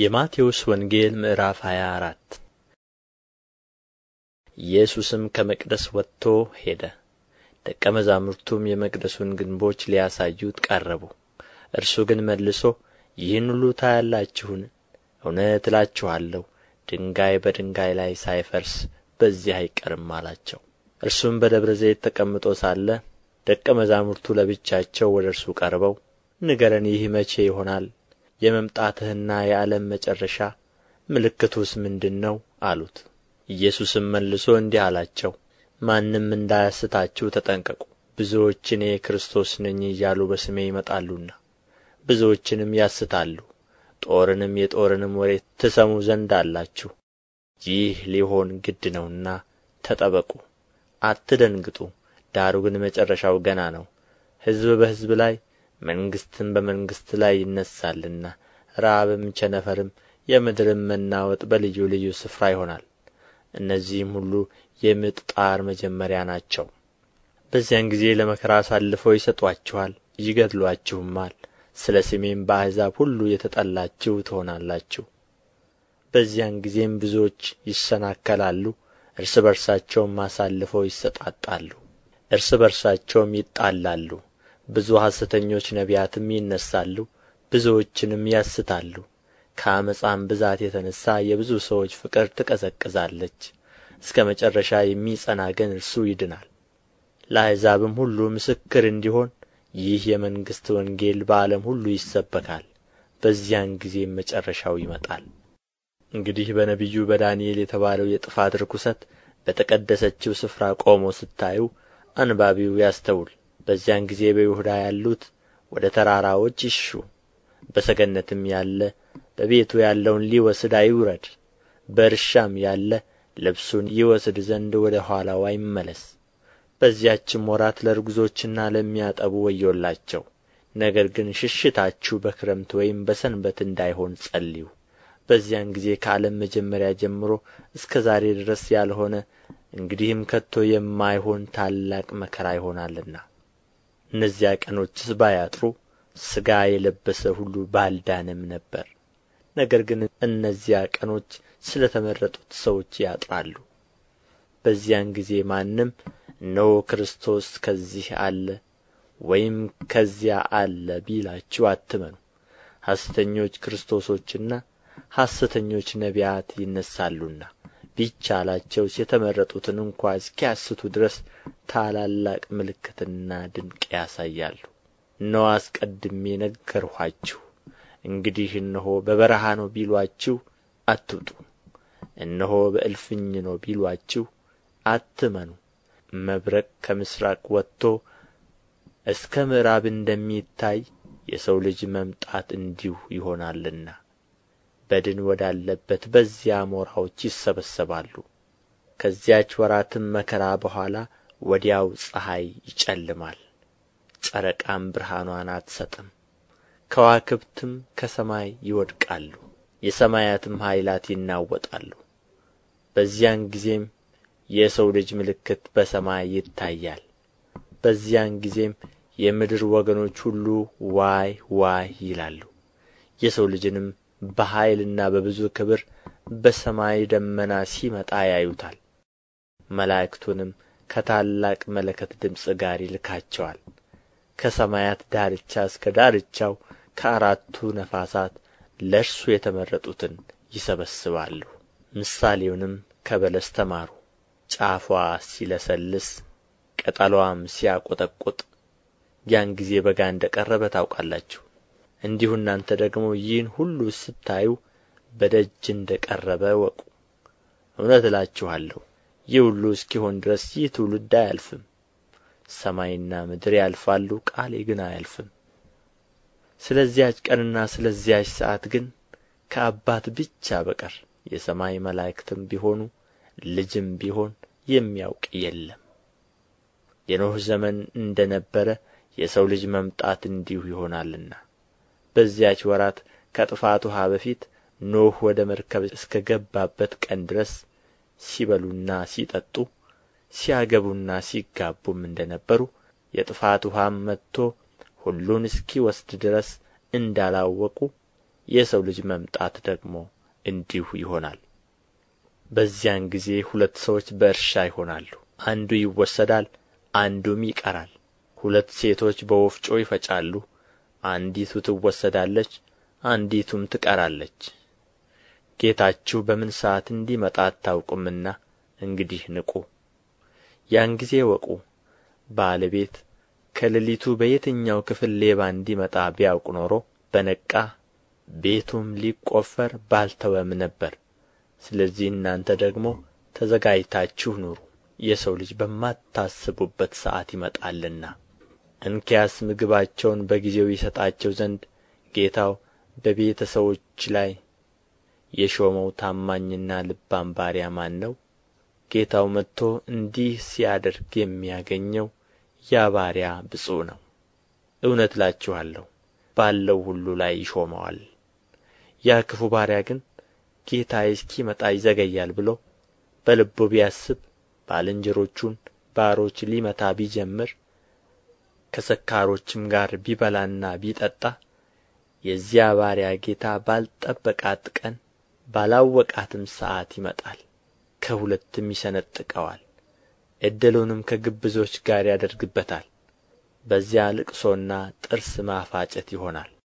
የማቴዎስ ወንጌል ምዕራፍ 24 ኢየሱስም ከመቅደስ ወጥቶ ሄደ። ደቀ መዛሙርቱም የመቅደሱን ግንቦች ሊያሳዩት ቀረቡ። እርሱ ግን መልሶ ይህን ሁሉ ታያላችሁን? እውነት እላችኋለሁ ድንጋይ በድንጋይ ላይ ሳይፈርስ በዚህ አይቀርም አላቸው። እርሱም በደብረ ዘይት ተቀምጦ ሳለ ደቀ መዛሙርቱ ለብቻቸው ወደ እርሱ ቀርበው ንገረን፣ ይህ መቼ ይሆናል? የመምጣትህና የዓለም መጨረሻ ምልክቱስ ምንድር ነው አሉት ኢየሱስም መልሶ እንዲህ አላቸው ማንም እንዳያስታችሁ ተጠንቀቁ ብዙዎች እኔ ክርስቶስ ነኝ እያሉ በስሜ ይመጣሉና ብዙዎችንም ያስታሉ ጦርንም የጦርንም ወሬ ትሰሙ ዘንድ አላችሁ ይህ ሊሆን ግድ ነውና ተጠበቁ አትደንግጡ ዳሩ ግን መጨረሻው ገና ነው ሕዝብ በሕዝብ ላይ መንግሥትም በመንግሥት ላይ ይነሣልና ራብም ቸነፈርም የምድርም መናወጥ በልዩ ልዩ ስፍራ ይሆናል እነዚህም ሁሉ የምጥ ጣር መጀመሪያ ናቸው በዚያን ጊዜ ለመከራ አሳልፈው ይሰጧችኋል፣ ይገድሏችሁማል ስለ ስሜም በአሕዛብ ሁሉ የተጠላችሁ ትሆናላችሁ በዚያን ጊዜም ብዙዎች ይሰናከላሉ እርስ በርሳቸውም አሳልፈው ይሰጣጣሉ እርስ በርሳቸውም ይጣላሉ ብዙ ሐሰተኞች ነቢያትም ይነሣሉ ብዙዎችንም ያስታሉ ከዓመፃም ብዛት የተነሣ የብዙ ሰዎች ፍቅር ትቀዘቅዛለች እስከ መጨረሻ የሚጸና ግን እርሱ ይድናል ለአሕዛብም ሁሉ ምስክር እንዲሆን ይህ የመንግሥት ወንጌል በዓለም ሁሉ ይሰበካል በዚያን ጊዜም መጨረሻው ይመጣል እንግዲህ በነቢዩ በዳንኤል የተባለው የጥፋት ርኵሰት በተቀደሰችው ስፍራ ቆሞ ስታዩ አንባቢው ያስተውል በዚያን ጊዜ በይሁዳ ያሉት ወደ ተራራዎች ይሹ በሰገነትም ያለ በቤቱ ያለውን ሊወስድ አይውረድ በእርሻም ያለ ልብሱን ይወስድ ዘንድ ወደ ኋላው አይመለስ በዚያችም ወራት ለርጉዞችና ለሚያጠቡ ወዮላቸው ነገር ግን ሽሽታችሁ በክረምት ወይም በሰንበት እንዳይሆን ጸልዩ በዚያን ጊዜ ከዓለም መጀመሪያ ጀምሮ እስከ ዛሬ ድረስ ያልሆነ እንግዲህም ከቶ የማይሆን ታላቅ መከራ ይሆናልና እነዚያ ቀኖችስ ባያጥሩ ሥጋ የለበሰ ሁሉ ባልዳነም ነበር ነገር ግን እነዚያ ቀኖች ስለ ተመረጡት ሰዎች ያጥራሉ በዚያን ጊዜ ማንም እነሆ ክርስቶስ ከዚህ አለ ወይም ከዚያ አለ ቢላችሁ አትመኑ ሐሰተኞች ክርስቶሶችና ሐሰተኞች ነቢያት ይነሣሉና ቢቻላቸው የተመረጡትን እንኳ እስኪያስቱ ድረስ ታላላቅ ምልክትና ድንቅ ያሳያሉ እነሆ አስቀድሜ ነገርኋችሁ እንግዲህ እነሆ በበረሃ ነው ቢሏችሁ አትውጡ እነሆ በእልፍኝ ነው ቢሏችሁ አትመኑ መብረቅ ከምሥራቅ ወጥቶ እስከ ምዕራብ እንደሚታይ የሰው ልጅ መምጣት እንዲሁ ይሆናልና በድን ወዳለበት በዚያ አሞራዎች ይሰበሰባሉ ከዚያች ወራትም መከራ በኋላ ወዲያው ፀሐይ ይጨልማል ጨረቃም ብርሃኗን አትሰጥም ከዋክብትም ከሰማይ ይወድቃሉ የሰማያትም ኃይላት ይናወጣሉ በዚያን ጊዜም የሰው ልጅ ምልክት በሰማይ ይታያል በዚያን ጊዜም የምድር ወገኖች ሁሉ ዋይ ዋይ ይላሉ የሰው ልጅንም በኃይልና በብዙ ክብር በሰማይ ደመና ሲመጣ ያዩታል መላእክቱንም ከታላቅ መለከት ድምፅ ጋር ይልካቸዋል ከሰማያት ዳርቻ እስከ ዳርቻው ከአራቱ ነፋሳት ለእርሱ የተመረጡትን ይሰበስባሉ ምሳሌውንም ከበለስ ተማሩ ጫፏ ሲለሰልስ ቅጠሏም ሲያቈጠቍጥ ያን ጊዜ በጋ እንደ ቀረበ ታውቃላችሁ እንዲሁ እናንተ ደግሞ ይህን ሁሉ ስታዩ በደጅ እንደ ቀረበ እወቁ እውነት እላችኋለሁ ይህ ሁሉ እስኪሆን ድረስ ይህ ትውልድ አያልፍም ሰማይና ምድር ያልፋሉ ቃሌ ግን አያልፍም ስለዚያች ቀንና ስለዚያች ሰዓት ግን ከአባት ብቻ በቀር የሰማይ መላእክትም ቢሆኑ ልጅም ቢሆን የሚያውቅ የለም። የኖኅ ዘመን እንደ ነበረ የሰው ልጅ መምጣት እንዲሁ ይሆናልና በዚያች ወራት ከጥፋት ውኃ በፊት ኖኅ ወደ መርከብ እስከ ገባበት ቀን ድረስ ሲበሉና ሲጠጡ ሲያገቡና ሲጋቡም እንደ ነበሩ የጥፋት ውሃም መጥቶ ሁሉን እስኪወስድ ድረስ እንዳላወቁ የሰው ልጅ መምጣት ደግሞ እንዲሁ ይሆናል በዚያን ጊዜ ሁለት ሰዎች በእርሻ ይሆናሉ አንዱ ይወሰዳል አንዱም ይቀራል ሁለት ሴቶች በወፍጮ ይፈጫሉ አንዲቱ ትወሰዳለች አንዲቱም ትቀራለች ጌታችሁ በምን ሰዓት እንዲመጣ አታውቁምና እንግዲህ ንቁ ያን ጊዜ ወቁ ባለቤት ከሌሊቱ በየትኛው ክፍል ሌባ እንዲመጣ ቢያውቅ ኖሮ በነቃ ቤቱም ሊቆፈር ባልተወም ነበር ስለዚህ እናንተ ደግሞ ተዘጋጅታችሁ ኑሩ የሰው ልጅ በማታስቡበት ሰዓት ይመጣልና እንኪያስ ምግባቸውን በጊዜው ይሰጣቸው ዘንድ ጌታው በቤተ ሰዎች ላይ የሾመው ታማኝና ልባም ባሪያ ማን ነው ጌታው መጥቶ እንዲህ ሲያደርግ የሚያገኘው ያ ባሪያ ብፁዕ ነው እውነት እላችኋለሁ ባለው ሁሉ ላይ ይሾመዋል ያ ክፉ ባሪያ ግን ጌታዬ እስኪመጣ ይዘገያል ብሎ በልቡ ቢያስብ ባልንጀሮቹን ባሮች ሊመታ ቢጀምር ከሰካሮችም ጋር ቢበላና ቢጠጣ የዚያ ባሪያ ጌታ ባልጠበቃት ቀን ባላወቃትም ሰዓት ይመጣል ከሁለትም ይሰነጥቀዋል እድሉንም ከግብዞች ጋር ያደርግበታል በዚያ ልቅሶና ጥርስ ማፋጨት ይሆናል